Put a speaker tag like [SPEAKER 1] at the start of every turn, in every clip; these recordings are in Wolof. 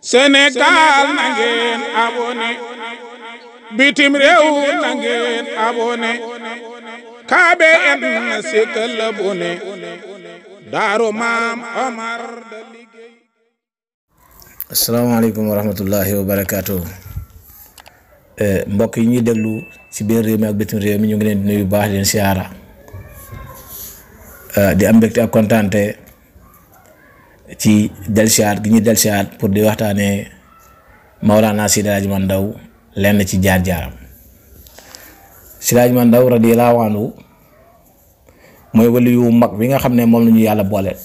[SPEAKER 1] Sénégal na ngeen bitim réew na ngeen abonné KBN na sikkal abonné daaru maam Omar da liggéey asalaamaaleykum wa rahmatullahi wa barakaatu eh, mbokk yi ñuy déglu ci biir réew mi ak bitim réew mi ñu ngi leen di yu baax leen siyaara eh, di am mbégte ak kontaante ci delsiwaat gi ñu delsiwaat pour di waxtaanee Mawlana Seydi Hadji Malick Ndao lenn ci jaar-jaaram Seydi Hadji Malick Ndao radiyallaahu mooy wali yu mag wi nga xam ne moom lañu yàlla booleet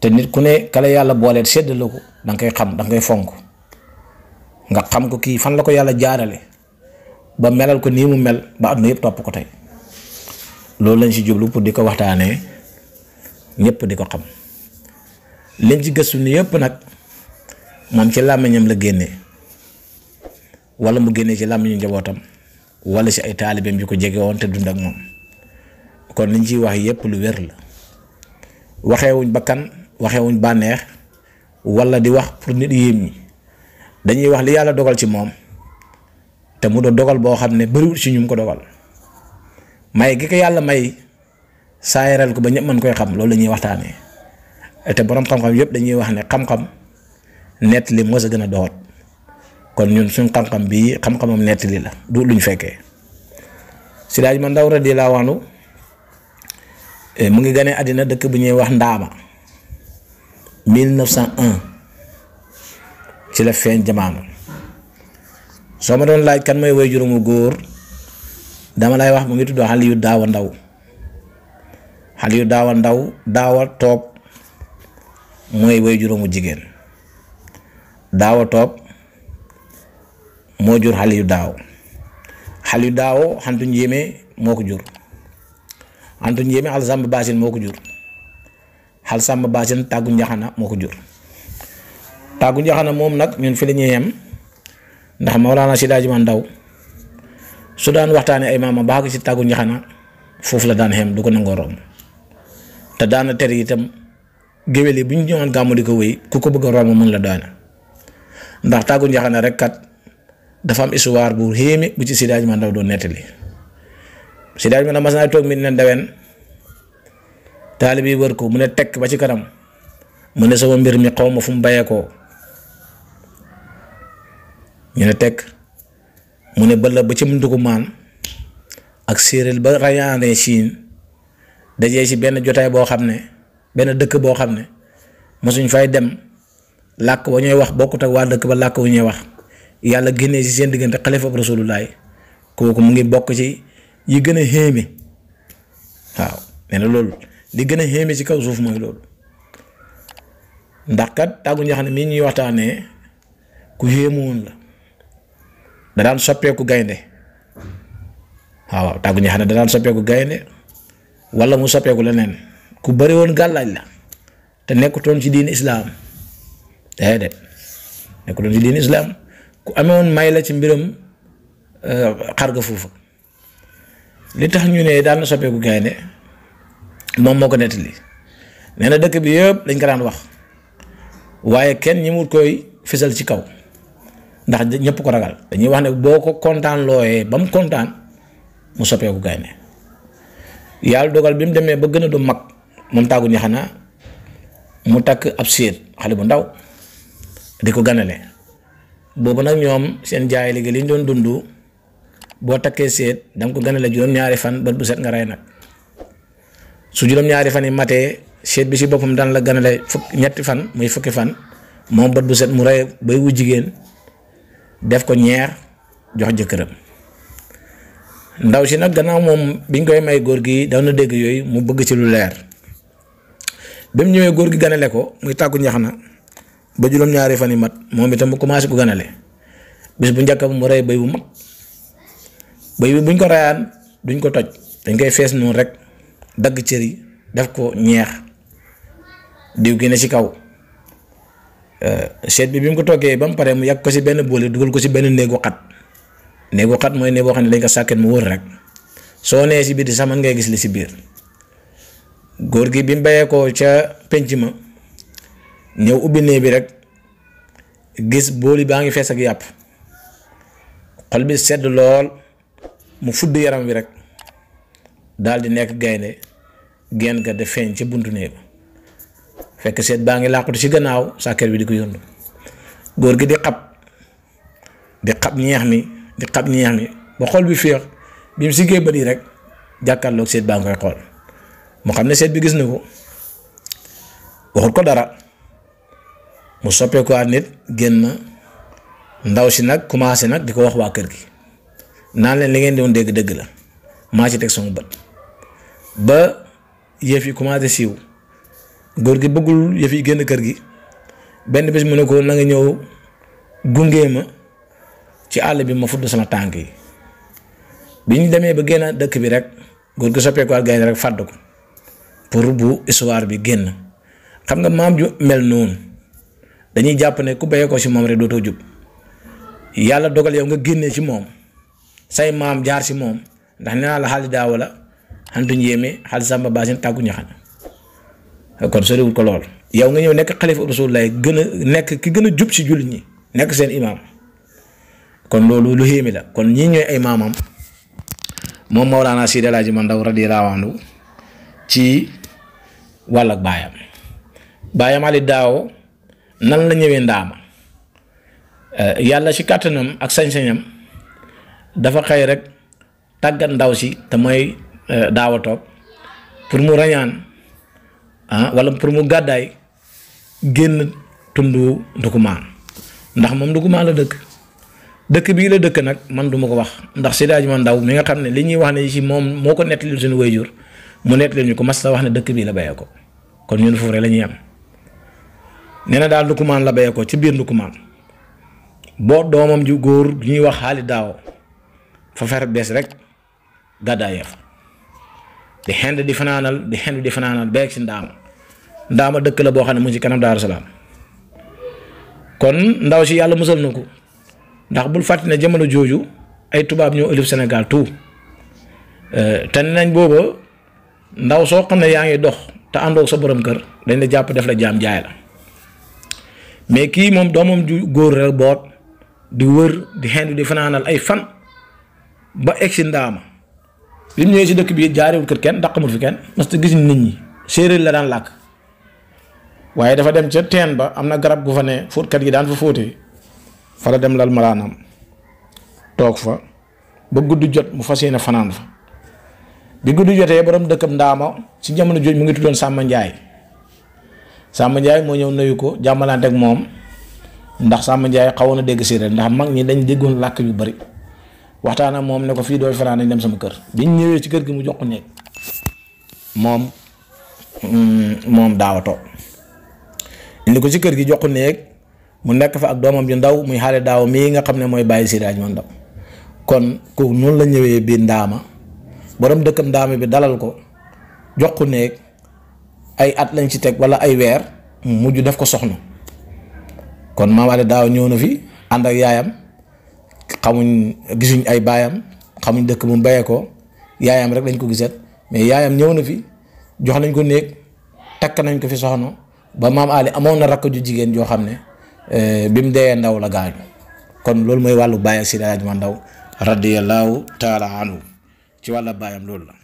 [SPEAKER 1] te nit ku ne kala yàlla booleel sedd la ko danga koy xam danga koy fonk nga xam ko kii fan la ko yàlla jaarale ba melal ko nii mu mel ba àdduna yëpp topp ko tey loolu lañ ci jublu pour di ko waxtaanee ñëpp di ko xam liñ ci gëstu ni yëpp nag moom ci làmmiñam la génnee walla mu génne ci làmmiñu njabootam wala si ay taalibeem yu ko jege woon te dund ak moom kon liñ ciy wax yépp lu wér la waxeewuñ bakkan waxewuñ bànneex wala di wax pour nit yéem ñi dañuy wax li yàlla dogal ci moom te mu doon dogal boo xam ne bëriwul ci ñu mu ko dogal may gi ko yàlla may saayaral ko ba ñëpp mën koy xam loolu la ñuy waxtaanee. te borom xam-xam yëpp dañuy wax ne xam-xam nettali moo sa gën a doxoot kon ñun suñ xam-xam bii xam-xamam nettali la du luñ fekkee si Sidaaj ma ndaw radiyallaahu anhu eh, mu ngi gane àddina dëkk bu ñuy wax Ndaama 1901 ci la feeñ jamaano soo ma doon laaj kan mooy way juróomu góor dama lay wax mu ngi tudd Aliyu Daawa Ndaw Aliyu Daawa Ndaw daawa toog. mooy way juróomu jigéen daawa toob moo jur xale yu daaw xale yu daaw xantu njéemé moo ko jur xantu njéeme xal sàmba baasin moo ko jur xal sàmm baasin tàggu njaxana moo ko jur tàggu njaxana moom nag ñun fi la ñuy yem ndax Mawlaana si daaji ndaw su daan waxtaanee ay maama baax ko si tàggu njaxana foofu la daan xem du ko nangoo romb te daana ter itam géwél yi bu ñu ñëwoon gàmmu di ko wéy ku ko bëgg romb mën la daana ndax tàggu njaxana rek kat dafa am histoire bu xéeme bu ci Sidaaj ma ndaw doon nettali Sidaaj ma ndaw mas naa toog mi ne ndawen taalib yi wër ko mu ne tekk ba ci kanam mu ne sama mbir mi xaw ma fu mu bayee ñu ne tekk mu ne bëlla ba ci ndugumaan ak séeréel ba rayaane siin dajee ci benn jotaay boo xam ne benn dëkk boo xam ne mosuñ fay dem làkk wa ñuy wax bokkut ak waa dëkk ba làkk wu ñuy wax yàlla génnee si seen diggante xalifa rasulullaay kooku mu ngi bokk ci yi gën a xéeme waaw nee na loolu li gën a xéeme ci kaw suuf mooy loolu ndax kat tàgguñ xam ne mii ñuy waxtaanee ku xéemu woon la da daan soppeeku gaynde waaw tàgguñ xam ne da daan soppeeku gaynde walla mu soppeeku leneen. ku bari woon gàllaaj la te nekkutoon ci diin islaam day de nekkutoon ci diin islaam ku amewoon may la ci mbiram euh, xarga foofu li tax ñu ne daal na soppeeku gaynde moom moo ko nettali nee na dëkk bi yëpp dañ ko daan wax waaye kenn ñi mu koy fisal ci kaw ndax ñëpp ko ragal dañuy wax ne boo ko kontaan looyee ba mu kontaan mu soppeeku gaynde yàlla dogal bi mu demee ba gën a du mag moom tàggu ñu xanaa mu takk ab séet xale bu ndaw di ko ganale boobu nag ñoom seen jaay léegi li doon dund boo takkee séet da nga ko ganale juróom-ñaari fan bët bu set nga rey nag su juróom-ñaari fan yi matee séet bi si boppam daan la ganale fukk ñetti fan muy fukki fan moom bët bu set mu rey bay wu jigéen def ko ñeer jox jëkkëram ndaw si nag gannaaw moom biñ koy may góor gi daw dégg yooyu mu bëgg ci lu leer ba mu ñëwee góor gi ganale ko muy tàggu ñax na ba juróom-ñaari fan yi mat moom itam mu commencé ko ganale bis bu njëkk mu rey béy bu mag béy buñ ko rayaan duñ ko toj dañ koy fees noonu rek dagg cër yi def ko ñeex diw gi ne ci kaw euh, seet bi bi mu ko toggee ba mu paree mu yàgg ko ci benn boole dugal ko ci benn néegu xat néegu xat mooy néeg boo xam ne dañ ko sàkket mu wër rek soo nee si biir di sax mën ngay gis li si biir. góor gi bi mu bayee ko ca pénc ma ñëw ubbi néeg bi rek gis booli baa ngi fees ak yàpp xol bi sedd lool mu fudd yaram wi rek daal di nekk gaynde geen ga de feeñ ci bunt néeg fekk seet baa ngi làqutu ci gannaaw sàkket wi di ko yóndu góor gi di xab di xab ñeex mi di xab ñeex mi ba xol bi féex bi mu siggee bët yi rek jàkkaarloog sedd baa ngi koy xool mu xam ne seet bi gis na ko waxut ko dara mu soppeeku at nit génn ndaw si nag commencé nag di ko wax waa kër gi naa leen li ngeen doon dégg dëgg la maa ci teg sama bët ba yëf yi commencé siiw góor gi bëggul yëf yi génn kër gi benn bés mu ne ko na nga ñëw gungee ma ci àll bi ma fudd sama tànk yi bi ñu demee ba génn dëkk bi rek góor gi soppeeku at gaynde rek fàdd ko pour bu histoire bi génn xam nga maam ju mel noonu dañuy jàpp ne ku béyee ko si moom rek dootoo jub yàlla dogal yow nga génnee ci moom say maam jaar si moom ndax nee la xaalis daaw la xantuñ yéeme xaalis sàmba baa seen tàggu ñaxan kon soriwul ko lool. yow nga ñëw nekk xalifa rasul lay gën a nekk ki gën a jub si jullit ñi nekk seen imaam kon loolu lu yéeme la kon ñii ñooy ay maamam moom Mawlana Seydi El Hadji Mandaw radiyallaahu anhu ci wàll baayam baayam Ali Daawo nan la ñëwee ndaama eh, yàlla ci kàttanam ak sañ dafa xëy rek tàggat ndaw si te mooy eh, daawa toog pour mu rañaan ah walla pour mu gàddaay génn tundu ndukumaan ndax moom ndukumaan la dëkk dëkk bii la dëkk nag man du duma ko wax ndax séddaaj man ndaw mi nga xam ne li ñuy wax ne ci moom moo ko nettali seen wayjur mu nekk leen ko mas wax ne dëkk bii la béyee ko kon ñun foofu rek la ñuy am nee daal Ndoukoumane la béyee ko ci biir Ndoukoumane boo doomam ju góor ñuy wax xaali daaw fa fer bees rek gàddaayee fa di xend di fanaanal di xend di fanaanal beeg si ndaama ndaama dëkk la boo xam ne mu ci kanam Daaru Salaam kon ndaw si yàlla musal na ko ndax bul fàtte ne jamono jooju ay tubaab ñoo ëllëg Sénégal tout euh, te nañ booba ndaw soo xam ne yaa ngi dox te àndoog sa borom kër dañ la jàpp def la jaam jaay la mais kii moom doomam ju góor rek boot di wër di xendu di fanaanal ay fan ba egg si ndaama bi mu si dëkk bi jaarewul kër kenn daqamul fi kenn parce que gis nit ñi séeréer la daan làkk waaye dafa dem ca teen ba am na garab gu fa ne fóotkat yi daan fa fóotee fa la dem lal malaanam toog fa ba gudd jot mu fas yéene fanaan fa bi guddi jotee boroom borom dëkkam ndaama ci jamono jooju mu ngi tuddoon Samba Ndiaye sàmm Ndiaye moo ñëw nuyu ko jàmmalante ak moom ndax Samba Ndiaye xawoon na dégg séeréer ndax mag ñi dañ déggoon làkk yu bari waxtaan ak moom ne ko fii dooy fanaan dañ dem sama kër biñ ñëwee ci kër gi mu jox ko néeg moom mm, moom daawato indi ko ci kër gi jox ko néeg mu nekk fa ak doomam ju ndaw muy xaale daaw mii nga xam ne mooy bàyyi séeréer ñu ndaw kon kooku noonu la ñëwee biir ndaama. borom dëkkam ndaame bi dalal ko jox ku néeg ay at lañ ci teg wala ay weer mujj def ko soxna kon Mame Alé daaw ñëw na fi ànd ak yaayam xamuñ gisuñ ay baayam xamuñ dëkk mu bayee ko yaayam rek lañ ko gisat mais yaayam ñëw na fi jox nañ ko néeg takk nañ ko fi soxna ba Mame Alé amoon na rakk ju jigéen joo xam ne eh, bi mu deyee ndaw la gaañu kon loolu mooy wàllu bàyyi si daaj ma ndaw radiyallahu taala ci wàlla baayam loolu